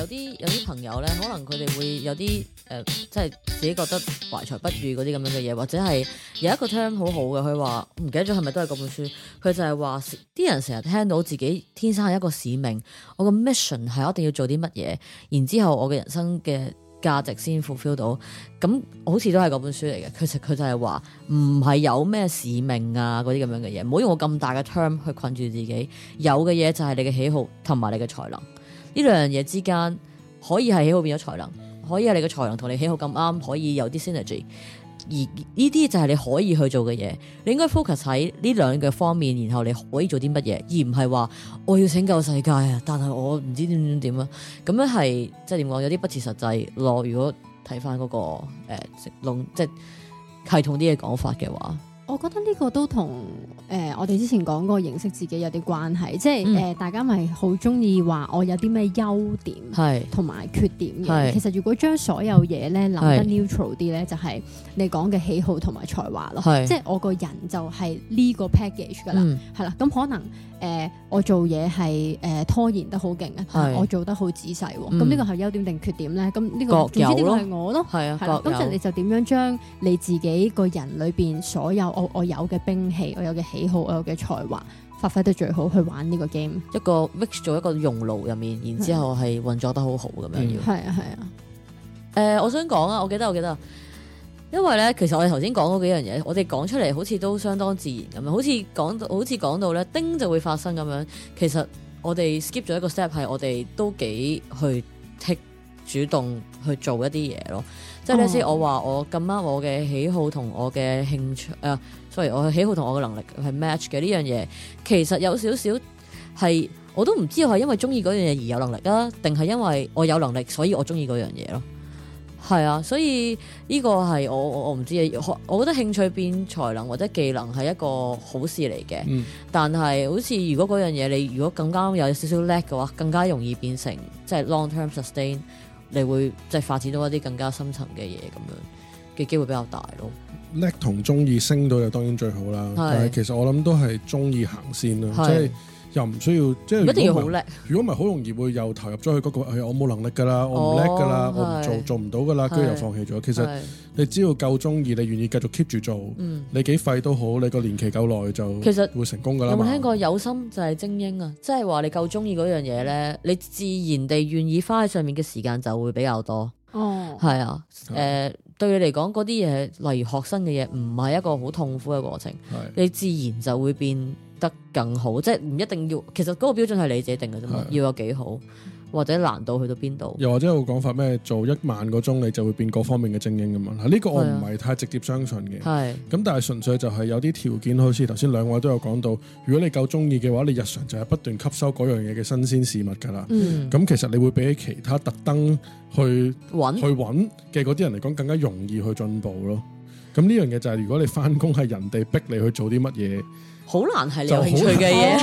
有啲有啲朋友咧，可能佢哋會有啲誒、呃，即係自己覺得懷才不遇嗰啲咁樣嘅嘢，或者係有一個 term 好好嘅，佢話唔記得咗係咪都係嗰本書？佢就係話啲人成日聽到自己天生係一個使命，我個 mission 係一定要做啲乜嘢，然之後我嘅人生嘅價值先 fulfill 到，咁好似都係嗰本書嚟嘅。其實佢就係話唔係有咩使命啊嗰啲咁樣嘅嘢，唔好用我咁大嘅 term 去困住自己。有嘅嘢就係你嘅喜好同埋你嘅才能。呢兩樣嘢之間可以係喜好變咗才能，可以係你嘅才能同你喜好咁啱，可以有啲 synergy 而。而呢啲就係你可以去做嘅嘢，你應該 focus 喺呢兩個方面，然後你可以做啲乜嘢，而唔係話我要拯救世界啊！但係我唔知點點點啊！咁樣係即係點講，有啲不切實際咯。如果睇翻，嗰個誒即係系統啲嘅講法嘅話。我覺得呢個都同誒我哋之前講過認識自己有啲關係，即係誒大家咪好鍾意話我有啲咩優點係同埋缺點嘅。其實如果將所有嘢咧諗得 neutral 啲咧，就係你講嘅喜好同埋才華咯。即係我個人就係呢個 package 㗎啦，係啦。咁可能誒我做嘢係誒拖延得好勁嘅，我做得好仔細喎。咁呢個係優點定缺點咧？咁呢個總之點講係我咯，係啊。咁其實你就點樣將你自己個人裏邊所有？我有嘅兵器，我有嘅喜好，我有嘅才華，發揮得最好去玩呢個 game。一個 mix 做一個熔爐入面，的然之後係運作得好好咁的樣要係啊係啊。誒、嗯呃，我想講啊，我記得我記得，因為咧，其實我哋頭先講嗰幾樣嘢，我哋講出嚟，好似都相當自然咁樣，好似講好似講到咧丁就會發生咁樣。其實我哋 skip 咗一個 step，係我哋都幾去剔。主動去做一啲嘢咯，oh. 即係睇下先。我話我咁啱我嘅喜好同我嘅興趣誒、啊、，sorry 我喜好同我嘅能力係 match 嘅呢樣嘢，其實有少少係我都唔知係因為中意嗰樣嘢而有能力啦，定係因為我有能力所以我中意嗰樣嘢咯，係啊，所以呢個係我我唔知啊，我我覺得興趣變才能或者技能係一個好事嚟嘅，嗯、但係好似如果嗰樣嘢你如果更加有少少叻嘅話，更加容易變成即係、就是、long term sustain。你會即係發展到一啲更加深層嘅嘢咁樣嘅機會比較大咯，叻同鍾意升到就當然最好啦。是但係其實我諗都係鍾意行先啦，即係是。即係又唔需要，即係一定要好叻。如果唔係好容易會又投入咗去嗰個，我冇能力噶啦，我唔叻噶啦，我唔做做唔到噶啦，跟住又放棄咗。其實你只要夠中意，你願意繼續 keep 住做，你幾廢都好，你個年期夠耐就其實會成功噶啦。有冇聽過有心就係精英啊？即係話你夠中意嗰樣嘢咧，你自然地願意花喺上面嘅時間就會比較多。哦，係啊，誒，對你嚟講嗰啲嘢例如學生嘅嘢唔係一個好痛苦嘅過程，你自然就會變得更好，即係唔一定要，其實嗰個標準係你自己定嘅啫，的要有幾好或者難度去到邊度。又或者有個講法咩做一萬個鐘，你就會變嗰方面嘅精英咁啊？呢個我唔係太直接相信嘅。係咁，但係純粹就係有啲條件，好似頭先兩位都有講到，如果你夠中意嘅話，你日常就係不斷吸收嗰樣嘢嘅新鮮事物噶啦。咁、嗯、其實你會比起其他特登去搵找去搵嘅嗰啲人嚟講，更加容易去進步咯。咁呢樣嘢就係如果你翻工係人哋逼你去做啲乜嘢。好難係你有興趣嘅嘢，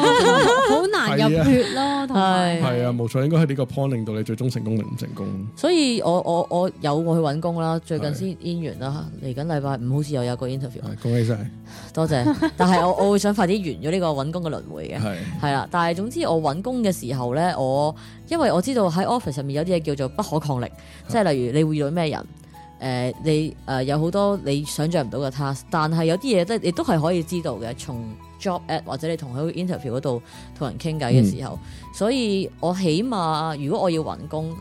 好難入血咯。係係啊，冇錯，應該係呢個 point 令到你最終成功定唔成功。所以我我我有我去揾工啦，最近先演完啦。嚟緊禮拜五好似又有個 interview。恭喜晒，多謝。但係我我會想快啲完咗呢個揾工嘅輪迴嘅。係係啦，但係總之我揾工嘅時候咧，我因為我知道喺 office 上面有啲嘢叫做不可抗力，即係例如你會遇到咩人，誒你誒有好多你想象唔到嘅 task，但係有啲嘢都亦都係可以知道嘅，從 job ad，或者你同佢 interview 嗰度同人傾偈嘅時候，嗯、所以我起碼如果我要揾工，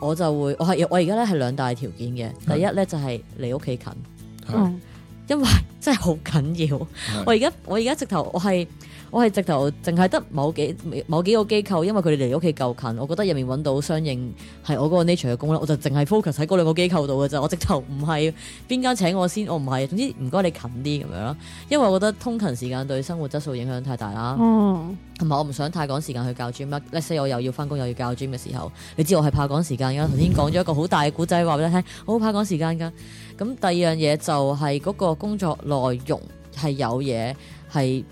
我就會我係我而家咧係兩大條件嘅，嗯、第一咧就係離屋企近，嗯、因為真係好緊要。嗯、我而家我而家直頭我係。我係直頭，淨係得某幾某幾個機構，因為佢哋離屋企夠近，我覺得入面揾到相應係我嗰個 nature 嘅工啦，我就淨係 focus 喺嗰兩個機構度嘅啫。我直頭唔係邊間請我先，我唔係。總之唔該你近啲咁樣啦，因為我覺得通勤時間對生活質素影響太大啦。嗯，同埋我唔想太趕時間去教 gym 啦。Let’s say 我又要翻工又要教 gym 嘅時候，你知我係怕趕時間噶。頭先講咗一個好大嘅古仔話俾你聽，我好怕趕時間噶。咁第二樣嘢就係嗰個工作內容係有嘢係。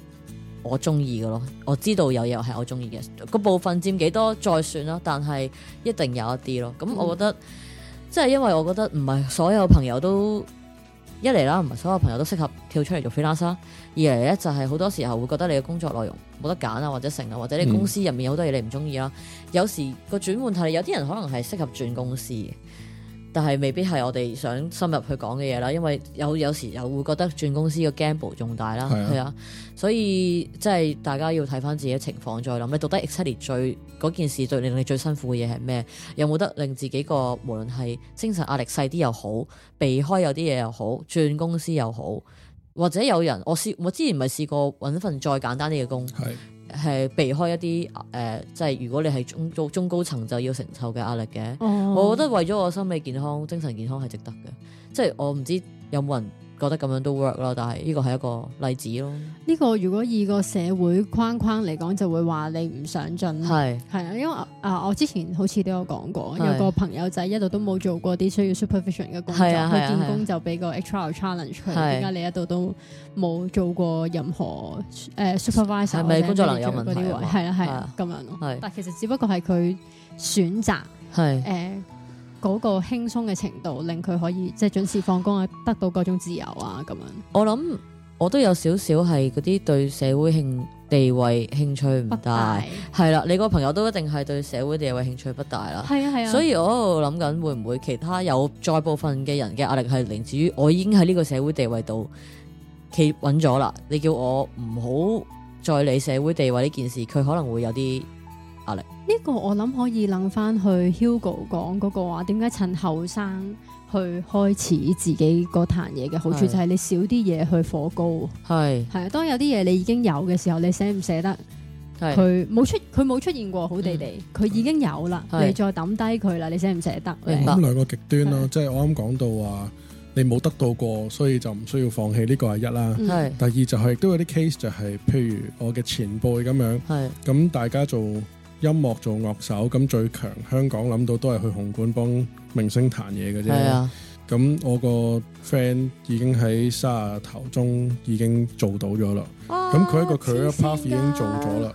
我中意嘅咯，我知道有嘢係我中意嘅，個部分佔幾多再算啦。但係一定有一啲咯。咁我覺得，即係、嗯、因為我覺得唔係所有朋友都一嚟啦，唔係所有朋友都適合跳出嚟做 freelancer 二嚟咧，就係好多時候會覺得你嘅工作內容冇得揀啊，或者成啊，或者你公司入面有好多嘢你唔中意啦。有時個轉換係，有啲人可能係適合轉公司嘅。但係未必係我哋想深入去講嘅嘢啦，因為有有時又會覺得轉公司個 gamble 仲大啦，係是啊，啊，所以即係大家要睇翻自己嘅情況再諗。你到底 exactly 最嗰件事最令你最辛苦嘅嘢係咩？有冇得令自己個無論係精神壓力細啲又好，避開有啲嘢又好，轉公司又好，或者有人我試我之前咪試過搵份再簡單啲嘅工。係避開一啲誒、呃，即係如果你係中中中高層就要承受嘅壓力嘅，oh. 我覺得為咗我心理健康、精神健康係值得嘅，即係我唔知有冇人。覺得咁樣都 work 咯，但係呢個係一個例子咯。呢個如果以個社會框框嚟講，就會話你唔想進。係係啊，因為啊，我之前好似都有講過，有個朋友仔一度都冇做過啲需要 supervision 嘅工作，佢見工就俾個 extra challenge 佢。點解你一度都冇做過任何誒 supervisor？係咪工作能力有問題？係啦係啊，咁樣。係，但其實只不過係佢選擇係誒。嗰個輕鬆嘅程度，令佢可以即係準時放工啊，得到嗰種自由啊，咁樣。我諗我都有少少係嗰啲對社會興地位興趣唔大，係大啦。你個朋友都一定係對社會地位興趣不大啦。係啊係啊。啊所以我喺度諗緊，會唔會其他有大部分嘅人嘅壓力係嚟自於我？已經喺呢個社會地位度企穩咗啦。你叫我唔好再理社會地位呢件事，佢可能會有啲。呢個我諗可以諗翻去 Hugo 講嗰個話，點解趁後生去開始自己個壇嘢嘅好處，就係你少啲嘢去火高。係係，當有啲嘢你已經有嘅時候，你捨唔捨得？佢冇出佢冇出現過，好地地，佢已經有啦，你再抌低佢啦，你捨唔捨得？咁兩個極端咯，即係我啱講到話，你冇得到過，所以就唔需要放棄。呢個係一啦。係。第二就係都有啲 case，就係譬如我嘅前輩咁樣。係。咁大家做。音樂做樂手咁最強，香港諗到都係去紅館幫明星彈嘢嘅啫。咁我個 friend 已經喺沙頭中已經做到咗啦。咁佢一個佢 career path 已經做咗啦。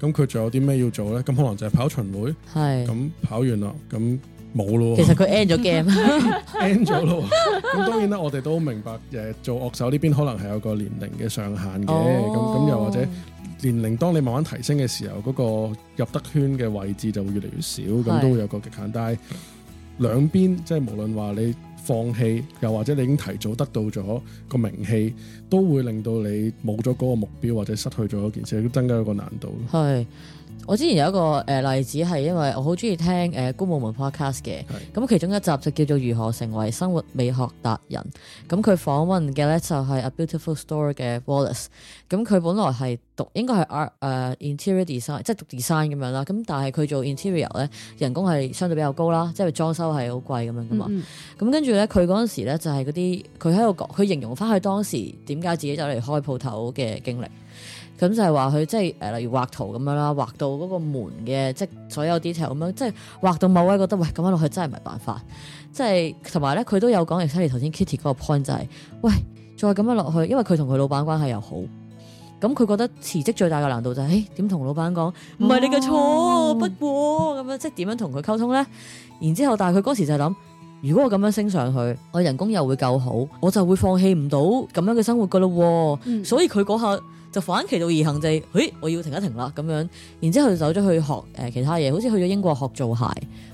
咁佢仲有啲咩要做咧？咁可能就係跑巡迴。係咁跑完啦，咁冇咯。其實佢 end 咗 game，end 咗咯。咁當然啦，我哋都明白誒，做樂手呢邊可能係有個年齡嘅上限嘅。咁咁又或者。年齡當你慢慢提升嘅時候，嗰個入得圈嘅位置就會越嚟越少，咁是都會有個極限。但係兩邊即係無論話你放棄，又或者你已經提早得到咗個名氣，都會令到你冇咗嗰個目標，或者失去咗嗰件事，都增加咗個難度。係。我之前有一個誒例子係因為我好中意聽誒《菇武門》podcast 嘅，咁其中一集就叫做《如何成為生活美學達人》。咁佢訪問嘅咧就係《A Beautiful Store》嘅 Wallace。咁佢本來係讀應該係 art 誒 interior design，即係讀 design 咁樣啦。咁但係佢做 interior 咧，人工係相對比較高啦，即係裝修係好貴咁樣噶嘛。咁跟住咧，佢嗰陣時咧就係嗰啲佢喺度講，佢形容翻佢當時點解自己走嚟開鋪頭嘅經歷。咁就係話佢即係誒，例如畫圖咁樣啦，畫到嗰個門嘅即係所有 detail 咁樣，即係畫到某位覺得喂咁樣落去真係唔係辦法，即係同埋咧佢都有講嚟，雖然頭先 Kitty 嗰個 point 就係、是、喂再咁樣落去，因為佢同佢老闆關係又好，咁佢覺得辭職最大嘅難度就係點同老闆講，唔係你嘅錯，哦、不過咁樣即係點樣同佢溝通咧？然之後，但係佢嗰時就係諗。如果我咁樣升上去，我人工又會夠好，我就會放棄唔到咁樣嘅生活噶咯。嗯、所以佢嗰刻就反其道而行就係，誒、哎，我要停一停啦。咁樣，然之後就走咗去學誒、呃、其他嘢，好似去咗英國學做鞋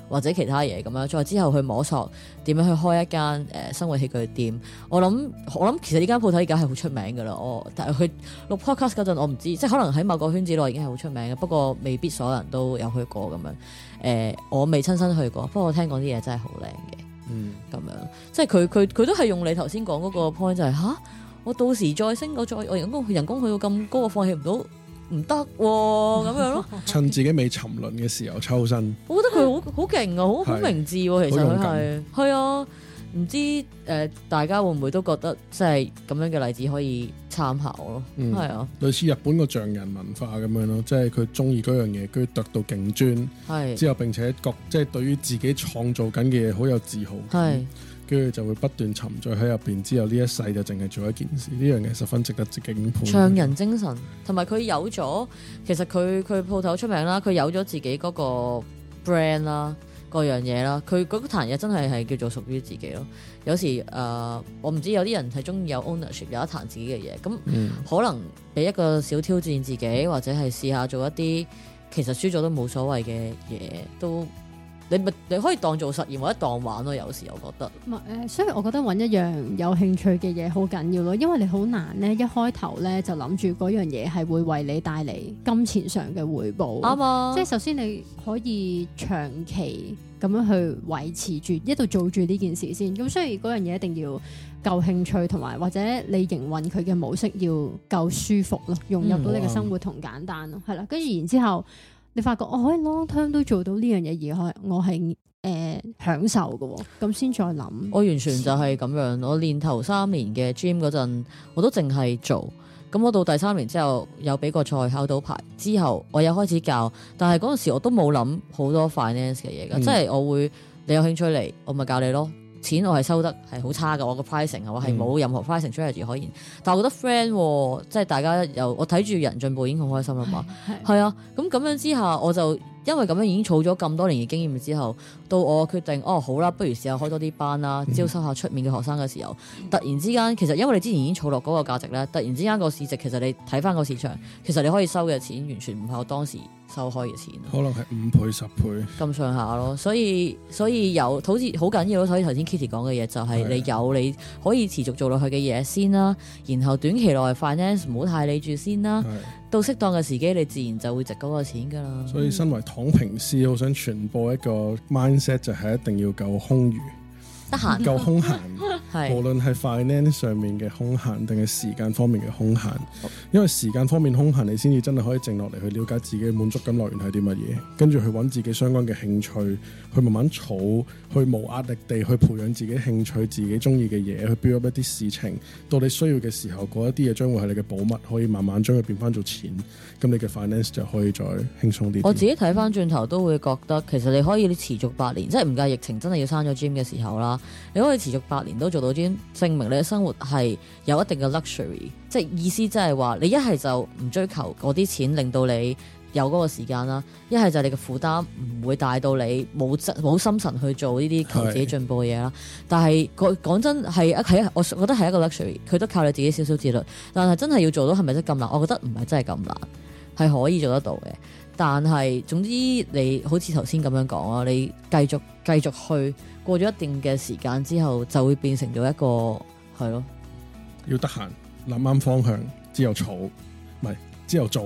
或者其他嘢咁樣。再之後去摸索點樣去開一間誒、呃、生活器具店。我諗我諗其實呢間鋪頭而家係好出名噶啦。哦、但我但係佢錄 podcast 嗰陣，我唔知，即係可能喺某個圈子內已經係好出名嘅。不過未必所有人都有去過咁樣。誒、呃，我未親身去過，不過我聽講啲嘢真係好靚嘅。嗯，咁樣，即係佢佢佢都係用你頭先講嗰個 point，就係、是、吓，我到時再升個再，我人工人工去到咁高，我放棄唔到，唔得咁樣咯。 趁自己未沉淪嘅時候抽身， 我覺得佢好好勁啊，好好，好明智啊。是其實佢係係啊，唔知誒，大家會唔會都覺得即係咁樣嘅例子可以參考咯，係、嗯、啊，類似日本個匠人文化咁樣咯，即係佢中意嗰樣嘢，跟住啄到勁專，係之後並且覺即係對於自己創造緊嘅嘢好有自豪，係跟住就會不斷沉醉喺入邊，之後呢一世就淨係做一件事，呢樣嘢十分值得敬佩。匠人精神同埋佢有咗，其實佢佢鋪頭出名啦，佢有咗自己嗰個 brand 啦。各樣個樣嘢啦，佢嗰個壇嘢真係係叫做屬於自己咯。有時誒、呃，我唔知有啲人係中意有 ownership 有一壇自己嘅嘢，咁、嗯、可能俾一個小挑戰自己，或者係試下做一啲其實輸咗都冇所謂嘅嘢都，你咪你可以當做實驗或者當玩咯，有時候我覺得。咪誒、呃，所以我覺得揾一樣有興趣嘅嘢好緊要咯，因為你好難咧，一開頭咧就諗住嗰樣嘢係會為你帶嚟金錢上嘅回報。啱啊！即係首先你可以長期咁樣去維持住，一度做住呢件事先。咁所以嗰樣嘢一定要夠興趣，同埋或者你營運佢嘅模式要夠舒服咯，融入到你嘅生活同簡單咯，係啦、嗯啊。跟住然之後、後。你發覺我可以 long term 都做到呢樣嘢而開，我係誒、呃、享受嘅喎，咁先再諗。我完全就係咁樣，我練頭三年嘅 gym 嗰陣，我都淨係做。咁我到第三年之後有比個賽考到牌之後，我又開始教。但係嗰陣時我都冇諗好多 finance 嘅嘢㗎，嗯、即係我會你有興趣嚟，我咪教你咯。錢我係收得係好差噶，我個 pricing 我係冇任何 pricing strategy 可言。嗯、但係我覺得 friend、啊、即係大家又我睇住人進步已經好開心啦嘛。係唉啊，咁咁樣之下，我就因為咁樣已經儲咗咁多年嘅經驗之後，到我決定哦，好啦，不如試下開多啲班啦，招收下出面嘅學生嘅時候，突然之間其實因為你之前已經儲落嗰個價值咧，突然之間個市值其實你睇翻個市場，其實你可以收嘅錢完全唔係我當時。收開嘅錢，可能係五倍十倍咁上下咯。所以所以有，好似好緊要咯。所以頭先 Kitty 講嘅嘢就係，你有你可以持續做落去嘅嘢先啦。的然後短期內 finance 唔好太理住先啦。的到適當嘅時機，你自然就會值嗰個錢噶啦。所以身為躺平師，好想傳播一個 mindset，就係一定要夠空餘。得閒夠空閒， 是無論係 finance 上面嘅空閒，定係時間方面嘅空閒。因為時間方面空閒，你先至真係可以靜落嚟去了解自己滿足感來源係啲乜嘢，跟住去揾自己相關嘅興趣，去慢慢儲，去無壓力地去培養自己興趣、自己中意嘅嘢，去 build up 一啲事情。到你需要嘅時候，嗰一啲嘢將會係你嘅寶物，可以慢慢將佢變翻做錢，咁你嘅 finance 就可以再輕鬆啲。我自己睇翻轉頭都會覺得，其實你可以持續八年，即係唔計疫情，真係要閂咗 gym 嘅時候啦。你可以持續八年都做到啲，證明你嘅生活係有一定嘅 luxury，即係意思即係話你一係就唔追求嗰啲錢，令到你有嗰個時間啦；一係就你嘅負擔唔會大到你冇心冇心神去做呢啲求自己進步嘅嘢啦。是但係講講真係一係，我覺得係一個 luxury，佢都靠你自己少少自律。但係真係要做到係咪真咁難？我覺得唔係真係咁難，係可以做得到嘅。但係，總之你好似頭先咁樣講啊。你繼續繼續去過咗一定嘅時間之後，就會變成咗一個係咯。要得閒諗啱方向，之後儲，唔係之後做，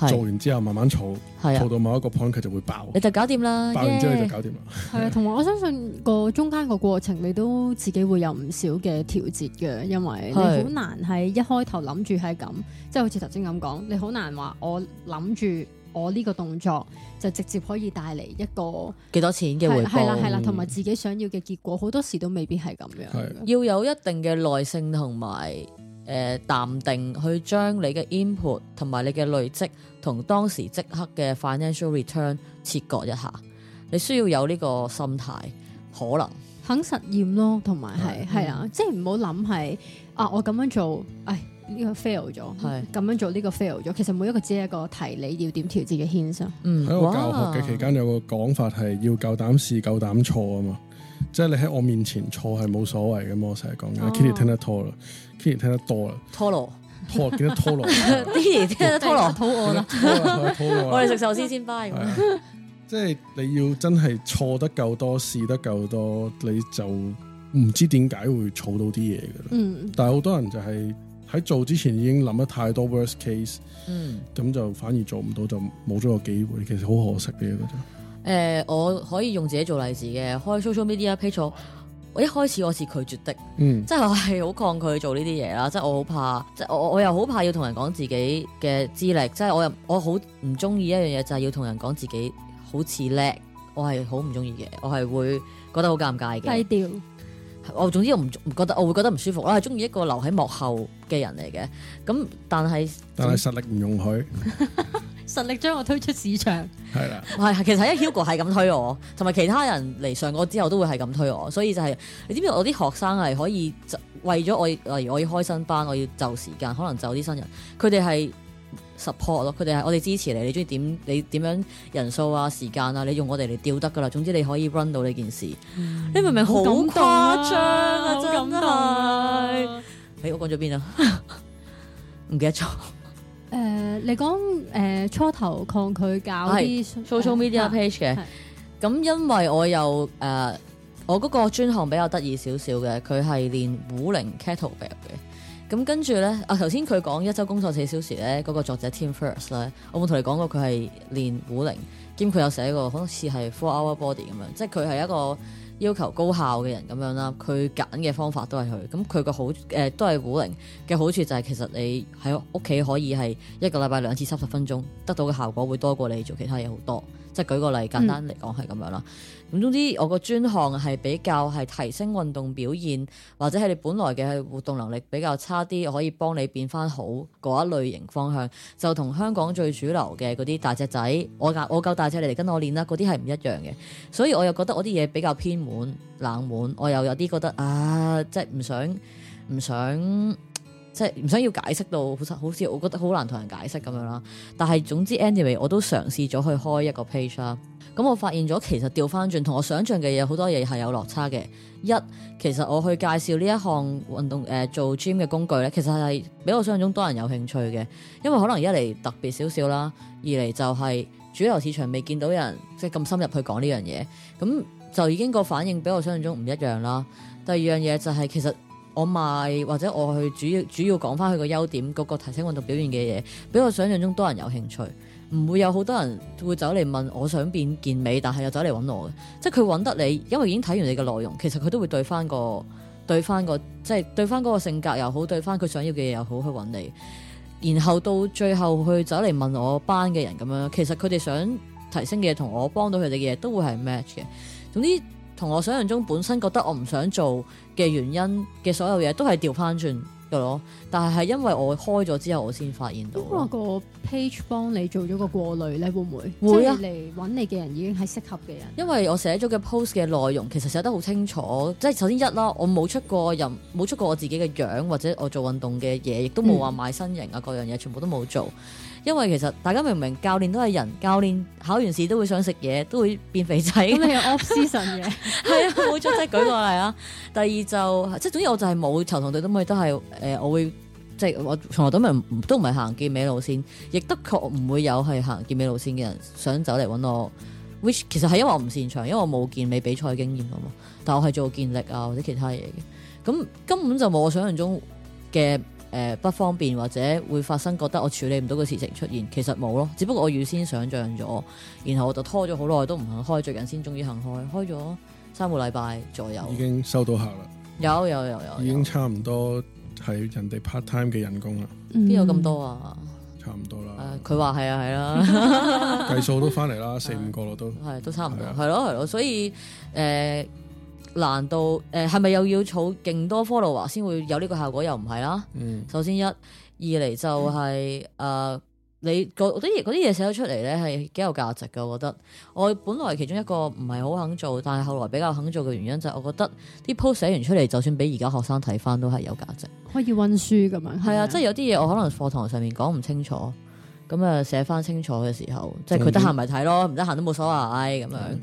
的做完之後慢慢儲，儲的到某一個 point 佢就會爆，的你就搞掂啦。爆完之後你就搞掂啦。係啊 Yeah.，同埋我相信個中間個過程，你都自己會有唔少嘅調節嘅，因為你好難係一開頭諗住係咁，即、就、係、是、好似頭先咁講，你好難話我諗住。我呢個動作就直接可以帶嚟一個幾多錢嘅回報？係啦，係啦，同埋自己想要嘅結果，好多時都未必係咁樣。的要有一定嘅耐性同埋誒淡定，去將你嘅 input 同埋你嘅累積同當時即刻嘅 financial return 切割一下。你需要有呢個心態，可能的肯實驗咯，同埋係，係啊，即係唔好諗，係啊，我咁樣做，哎呢個 fail 咗，係咁樣做呢個 fail 咗。其實每一個只係一個提你要點調節嘅 hint 喺我教學嘅期間有個講法係要夠膽試、夠膽錯啊嘛。即係你喺我面前錯係冇所謂嘅，我成日講嘅。Kitty 聽得多啦 Kitty 聽得多啦，拖羅拖幾多拖羅，Kitty 聽得拖羅肚餓啦。我哋食壽司先 bye 即係你要真係錯得夠多、試得夠多，你就唔知點解會措到啲嘢嘅啦。嗯，但係好多人就係、是。喺做之前已經諗得太多 worst case，嗯，咁就反而做唔到，就冇咗個機會，其實好可惜嘅嘢嗰我可以用自己做例子嘅，開 social m e d i a p e t r 我一開始我是拒絕的，嗯，即係我係好抗拒做呢啲嘢啦，即係我好怕，即係我我又好怕要同人講自己嘅資歷，即係我又我好唔中意一樣嘢，就係、是、要同人講自己好似叻，我係好唔中意嘅，我係會覺得好尷尬嘅。低調。我總之我唔唔覺得我會覺得唔舒服啦，係中意一個留喺幕後嘅人嚟嘅。咁但係但係實力唔容許， 實力將我推出市場係啦。係喇，其實一 Hugo 係咁推我，同埋其他人嚟上過之後都會係咁推我，所以就係、是、你知唔知我啲學生係可以就為咗我，例如我要開新班，我要就時間，可能就啲新人，佢哋係。support 咯，佢哋係我哋支持你。你中意點，你點樣人數啊、時間啊，你用我哋嚟調得噶啦。總之你可以 run 到呢件事，你明唔明？好誇張啊，真係。哎，我講咗邊啊？唔記得咗。誒，你講誒初頭抗拒搞啲 social media page 嘅，咁因為我有誒我嗰個專項比較得意少少嘅，佢係練五零 kettlebell 嘅。咁跟住咧，啊，頭先佢講一周工作四小時咧，嗰、那個作者 Tim Ferriss 咧，我冇同你講過佢係練古靈，兼佢有寫過，好似係 Four Hour Body 咁樣，即係佢係一個要求高效嘅人咁樣啦。佢揀嘅方法都係佢咁，佢個好誒、呃、都係古靈嘅好處就係，其實你喺屋企可以係一個禮拜兩次三十分鐘得到嘅效果會多過你做其他嘢好多。即係舉個例，簡單嚟講係咁樣啦。嗯咁總之，我個專項係比較係提升運動表現，或者係你本來嘅活動能力比較差啲，我可以幫你變翻好嗰一類型方向，就同香港最主流嘅嗰啲大隻仔，我教我教大隻嚟跟我練啦，嗰啲係唔一樣嘅，所以我又覺得我啲嘢比較偏門冷門，我又有啲覺得啊，即係唔想唔想。即係唔想要解釋到好好似我覺得好難同人解釋咁樣啦。但係總之，Andy，anyway，我都嘗試咗去開一個 page 啦。咁、嗯、我發現咗，其實調翻轉同我想象嘅嘢好多嘢係有落差嘅。一其實我去介紹呢一項運動誒、呃、做 gym 嘅工具咧，其實係比我想象中多人有興趣嘅。因為可能一嚟特別少少啦，二嚟就係主流市場未見到有人即係咁深入去講呢樣嘢，咁、嗯、就已經個反應比我想象中唔一樣啦。第二樣嘢就係、是、其實。我賣或者我去主要主要講翻佢個優點，個個提升運動表現嘅嘢，比我想像中多人有興趣，唔會有好多人會走嚟問我想變健美，但係又走嚟揾我嘅，即係佢揾得你，因為已經睇完你嘅內容，其實佢都會對翻個對翻個即係對翻嗰個性格又好，對翻佢想要嘅嘢又好去揾你，然後到最後去走嚟問我班嘅人咁樣，其實佢哋想提升嘅嘢同我幫到佢哋嘅嘢都會係 match 嘅，總之，同我想象中本身覺得我唔想做嘅原因嘅所有嘢都係調翻轉嘅咯，但係係因為我開咗之後，我先發現到。因為個 page 幫你做咗個過濾咧，會唔會會啊？嚟揾你嘅人已經係適合嘅人。因為我寫咗嘅 post 嘅內容，其實寫得好清楚，即係首先一啦，我冇出過人冇出過我自己嘅樣，或者我做運動嘅嘢，亦都冇話買身型啊，嗯、各樣嘢全部都冇做。因為其實大家明唔明教練都係人，教練考完試都會想食嘢，都會變肥仔。咁你 有 off season 嘅，係啊，我再舉過嚟啊。 第二就即係，總之我就係冇囚徒隊咁去，都係誒、呃，我會即係我從來都唔都唔係行健美路線，亦的確唔會有係行健美路線嘅人想走嚟揾我。which 其實係因為我唔擅長，因為我冇健美比賽經驗啊嘛。但我係做健力啊或者其他嘢嘅，咁根本就冇我想象中嘅。誒、呃、不方便或者會發生覺得我處理唔到嘅事情出現，其實冇咯，只不過我預先想像咗，然後我就拖咗好耐都唔肯開，最近先終於行開，開咗三個禮拜左右。已經收到客啦，有有有有。有已經差唔多係人哋 part time 嘅人工啦，邊、嗯、有咁多啊？差唔多啦。佢話係啊係啦，計數都返嚟啦，四五個咯都，係都差唔多，係咯係咯，所以誒。難度誒係咪又要儲勁多 follower 先會有呢個效果？又唔係啦。嗯、首先一二嚟就係、是、誒、嗯呃，你嗰啲嘢嗰啲嘢寫咗出嚟咧，係幾有價值噶。我覺得我本來其中一個唔係好肯做，但係後來比較肯做嘅原因就係我覺得啲 post 寫完出嚟，就算俾而家學生睇翻都係有價值。可以溫書咁樣。係啊，啊即係有啲嘢我可能課堂上面講唔清楚，咁啊寫翻清楚嘅時候，即係佢得閒咪睇咯，唔得閒都冇所謂咁樣。嗯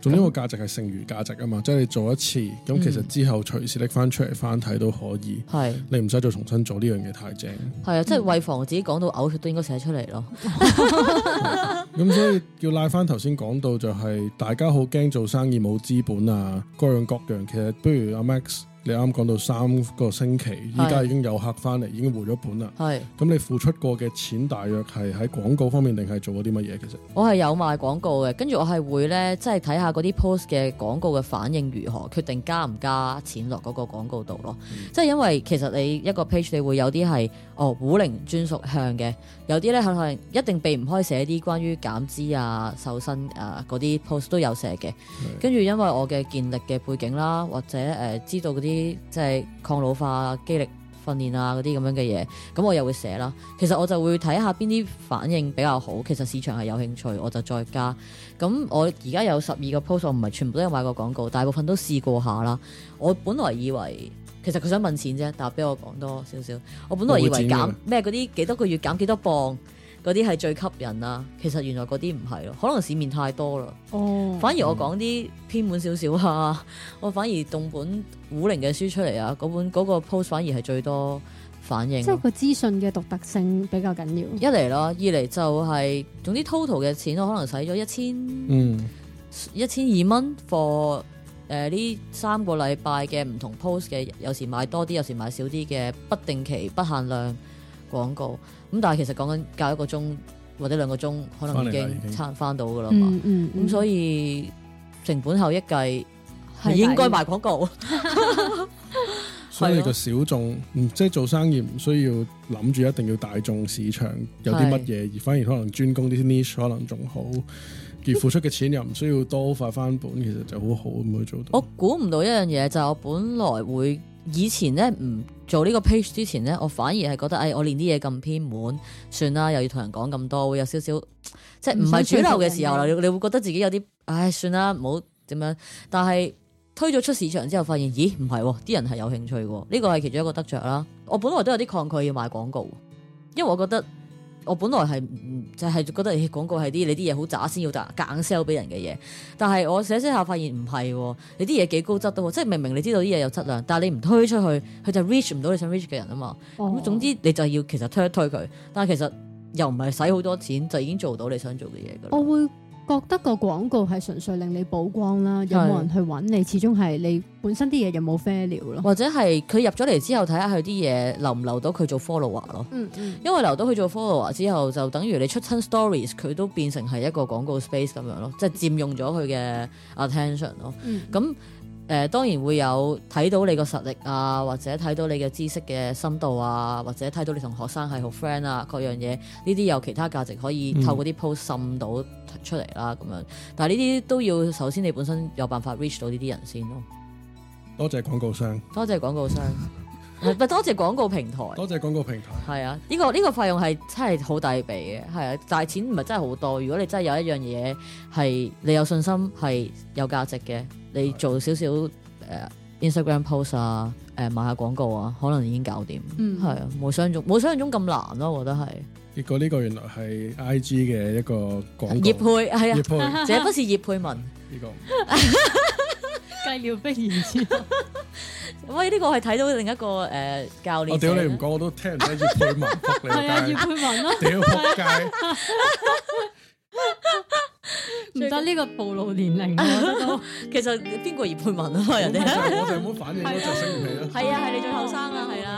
總之個價值係剩餘價值啊嘛，嗯、即係你做一次，咁其實之後隨時拎翻出嚟翻睇都可以。係是，你唔使再重新做呢樣嘢，太正。係啊，即係為防止自己講到嘔血都應該寫出嚟咯。咁所以要拉翻頭先講到就係、是、大家好驚做生意冇資本啊，各樣各樣其實不如阿 Max。你啱講到三個星期，依家已經有客翻嚟，是已經回咗本啦。係是，咁你付出過嘅錢，大約係喺廣告方面定係做咗啲乜嘢？其實我係有賣廣告嘅，跟住我係會咧，即係睇下嗰啲 post 嘅廣告嘅反應如何，決定加唔加錢落嗰個廣告度咯。即係、嗯、因為其實你一個 page 你會有啲係。哦，五零專屬向嘅，有啲咧可能一定避唔開寫啲關於減脂啊、瘦身啊嗰啲 post 都有寫嘅。嗯、跟住因為我嘅健力嘅背景啦，或者誒、呃、知道嗰啲即係抗老化、肌力訓練啊嗰啲咁樣嘅嘢，咁我又會寫啦。其實我就會睇下邊啲反應比較好，其實市場係有興趣，我就再加。咁我而家有十二個 post，唔係全部都有買過廣告，大部分都試過下啦。我本來以為。其實佢想問錢啫，但係俾我講多少少。我本來以為減咩嗰啲幾多個月減幾多磅嗰啲係最吸引啊，其實原來嗰啲唔係咯，可能市面太多啦。哦，反而我講啲偏門少少啊，嗯、我反而動本五零嘅書出嚟啊，嗰本嗰、嗰個 post 反而係最多反應啊。即係個資訊嘅獨特性比較緊要。一嚟咯，二嚟就係、係、總之 total 嘅錢，我可能使咗一千，嗯，一千二蚊 for。誒、呢、呃、三個禮拜嘅唔同 post 嘅，有時買多啲，有時買少啲嘅不定期不限量廣告，咁、嗯、但係其實講緊隔一個鐘或者兩個鐘，可能已經撐翻到噶啦嘛，咁、嗯嗯嗯、所以成本效益計、嗯、應該賣廣告，所以個小眾即係、就是、做生意唔需要諗住一定要大眾市場有啲乜嘢，而的反而可能專攻啲 niche 可能仲好。而付出嘅錢又唔需要多快翻本，其實就好好咁去做到。我估唔到一樣嘢就是、我本來會以前咧唔做呢個 page 之前咧，我反而係覺得，哎，我連啲嘢咁偏門，算啦，又要同人講咁多，會有少少即係唔係主流嘅時候啦，你會覺得自己有啲，唉、哎、算啦，唔好點樣。但係推咗出市場之後，發現，咦，唔係喎，啲人係有興趣嘅，呢個係其中一個得着啦。我本來都有啲抗拒要賣廣告，因為我覺得。我本來係就係覺得，誒，廣告係啲你啲嘢好渣先要打，夾硬 sell 俾人嘅嘢，但係我寫寫下發現唔係，你啲嘢幾高質都，即係明明你知道啲嘢有質量，但係你唔推出去，佢就 reach 唔到你想 reach 嘅人啊嘛。咁、哦、總之你就要其實推一推佢，但係其實又唔係使好多錢就已經做到你想做嘅嘢噶。我會覺得個廣告係純粹令你曝光啦，有冇人去揾你？始終係你本身啲嘢有冇 value 咯，或者係佢入咗嚟之後睇下佢啲嘢留唔留到佢做 follower 咯、嗯。嗯，因為留到佢做 follower 之後，就等於你出親 stories，佢都變成係一個廣告 space 咁樣咯，即係佔用咗佢嘅 attention 咯。咁、嗯。誒，當然會有睇到你個實力啊，或者睇到你嘅知識嘅深度啊，或者睇到你同學生係好 friend 啊，各樣嘢，呢啲有其他價值可以透過啲 post 滲到出嚟啦咁樣。嗯、但係呢啲都要首先你本身有辦法 reach 到呢啲人先咯。多謝廣告商。多謝廣告商。唔係多謝廣告平台，多謝廣告平台。係啊，呢、這個呢、這個費用係真係好大比嘅，係啊，但係錢唔係真係好多。如果你真係有一樣嘢係你有信心係有價值嘅，你做少少誒、uh, Instagram post 啊，誒、uh, 買下廣告啊，可能已經搞掂。係、嗯、啊，冇想像中冇想像中咁難咯、啊，我覺得係。結果，呢個原來係 IG 嘅一個廣告。業配，係啊，這不是葉佩文呢個。計 料不然。喂，呢個係睇到另一個誒、呃、教練。我屌、哦、你唔講，我都聽唔聽住葉佩文嚟㗎。係 啊，葉佩文咯。屌撲街！唔 要得呢個暴露年齡啊！ 其實邊個葉佩文啊？人哋我就唔好反應咯，最醒唔起咯。係啊，係你最後生啊，係啊。